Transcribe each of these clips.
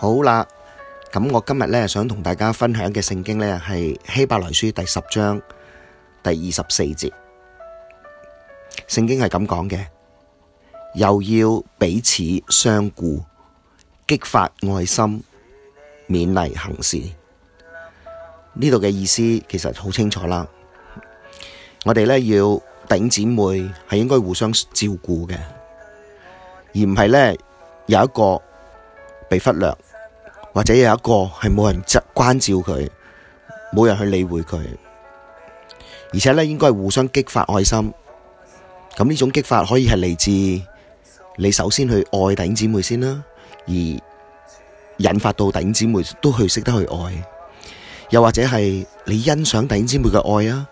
好啦，咁我今日咧想同大家分享嘅聖經咧係希伯來書第十章第二十四節，聖經係咁講嘅，又要彼此相顧，激發愛心，勉勵行善。呢度嘅意思其實好清楚啦，我哋咧要弟兄姊妹係應該互相照顧嘅，而唔係咧有一個被忽略。或者有一個係冇人責關照佢，冇人去理會佢，而且咧應該係互相激發愛心。咁呢種激發可以係嚟自你首先去愛弟兄姊妹先啦，而引發到弟兄姊妹都去識得去愛，又或者係你欣賞弟兄姊妹嘅愛啊，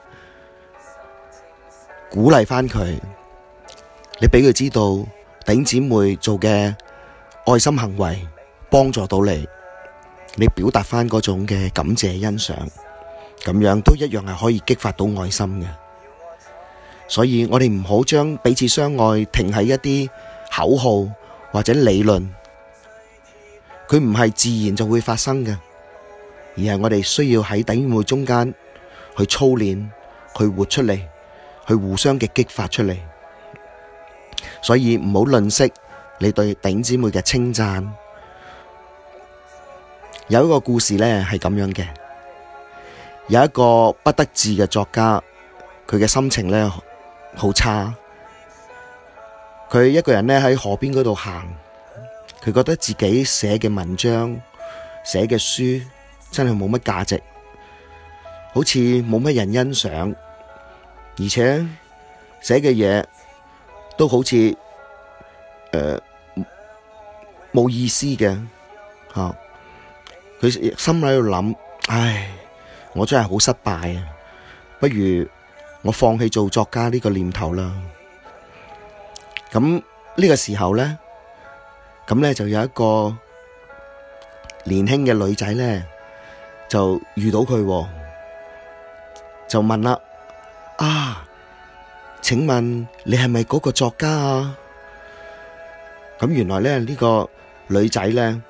鼓勵返佢，你畀佢知道弟兄姊妹做嘅愛心行為幫助到你。你表達翻嗰種嘅感謝欣賞，咁樣都一樣係可以激發到愛心嘅，所以我哋唔好將彼此相愛停喺一啲口號或者理論，佢唔係自然就會發生嘅，而係我哋需要喺弟兄姊妹中間去操練，去活出嚟，去互相嘅激發出嚟，所以唔好吝嗇你對弟兄姊妹嘅稱讚。有一個故事呢，係咁樣嘅。有一個不得志嘅作家，佢嘅心情呢，好差。佢一個人呢，喺河邊嗰度行，佢覺得自己寫嘅文章、寫嘅書真係冇乜價值，好似冇乜人欣賞，而且寫嘅嘢都好似誒冇意思嘅吓。啊佢心裏喺度諗，唉，我真係好失敗啊！不如我放棄做作家呢個念頭啦。咁呢個時候咧，咁咧就有一個年輕嘅女仔咧，就遇到佢，就問啦：啊，請問你係咪嗰個作家啊？咁原來咧呢個女仔咧。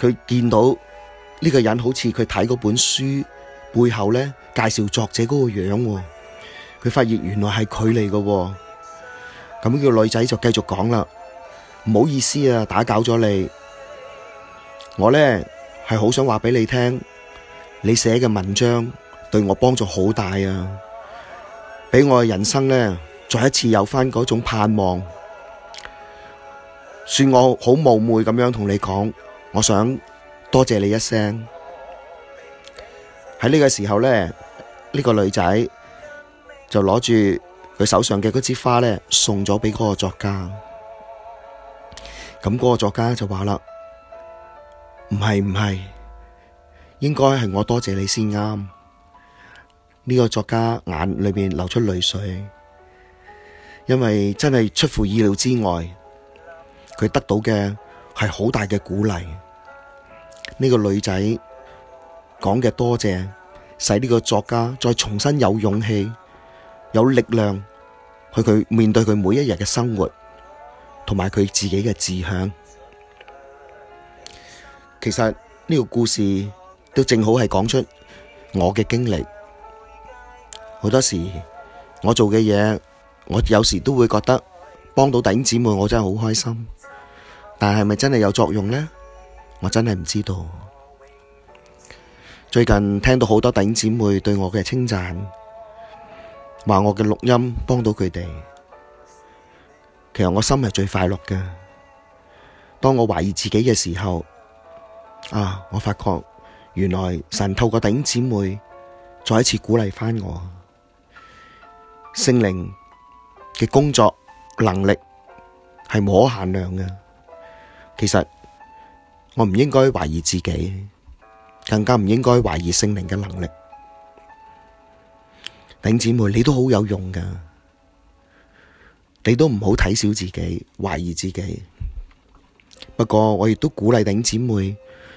佢見到呢個人好似佢睇嗰本書背後咧介紹作者嗰個樣、哦，佢發現原來係佢嚟嘅。咁呢個女仔就繼續講啦：唔好意思啊，打攪咗你。我咧係好想話畀你聽，你寫嘅文章對我幫助好大啊，畀我嘅人生咧再一次有翻嗰種盼望。算我好冒昧咁樣同你講。我想多謝你一聲。喺呢個時候咧，呢、呢個女仔就攞住佢手上嘅嗰支花呢，送咗畀嗰個作家。咁嗰個作家就話啦：唔係唔係，應該係我多謝你先啱。呢、呢個作家眼裏面，流出淚水，因為真係出乎意料之外，佢得到嘅係好大嘅鼓勵。呢個女仔講嘅多謝，使呢個作家再重新有勇氣、有力量去佢面對佢每一日嘅生活，同埋佢自己嘅志向。其實呢個故事都正好係講出我嘅經歷。好多時我做嘅嘢，我有時都會覺得幫到弟兄姊妹，我真係好開心。但係係咪真係有作用呢？我真係唔知道，最近聽到好多弟兄姊妹對我嘅稱讚，話我嘅錄音幫到佢哋。其實我心係最快樂嘅。當我懷疑自己嘅時候，啊，我發覺原來神透過弟兄姊妹再一次鼓勵翻我。聖靈嘅工作能力係無可限量嘅。其實。我唔應該懷疑自己，更加唔應該懷疑聖靈嘅能力。弟兄姊妹，你都好有用噶，你都唔好睇小自己，懷疑自己。不過我亦都鼓勵弟兄姊妹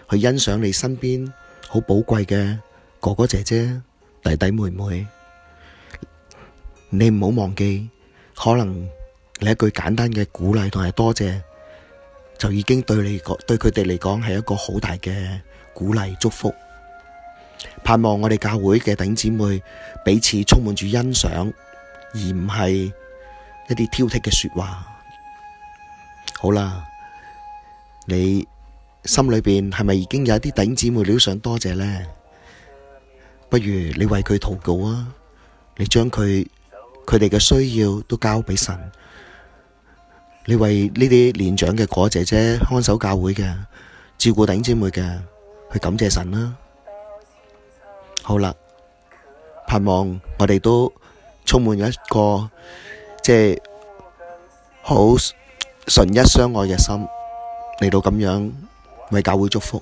去欣賞你身邊好寶貴嘅哥哥姐姐、弟弟妹妹。你唔好忘記，可能你一句簡單嘅鼓勵同埋多謝。就已經對你對佢哋嚟講係一個好大嘅鼓勵祝福。盼望我哋教會嘅弟兄姊妹彼此充滿住欣賞，而唔係一啲挑剔嘅說話。好啦，你心裏邊係咪已經有一啲弟兄姊妹你都想多謝呢？不如你為佢禱告啊！你將佢佢哋嘅需要都交俾神。你為呢啲年長嘅果姐姐看守教會嘅，照顧頂姊妹嘅，去感謝神啦。好啦，盼望我哋都充滿一個即係好純一相愛嘅心，嚟到咁樣為教會祝福。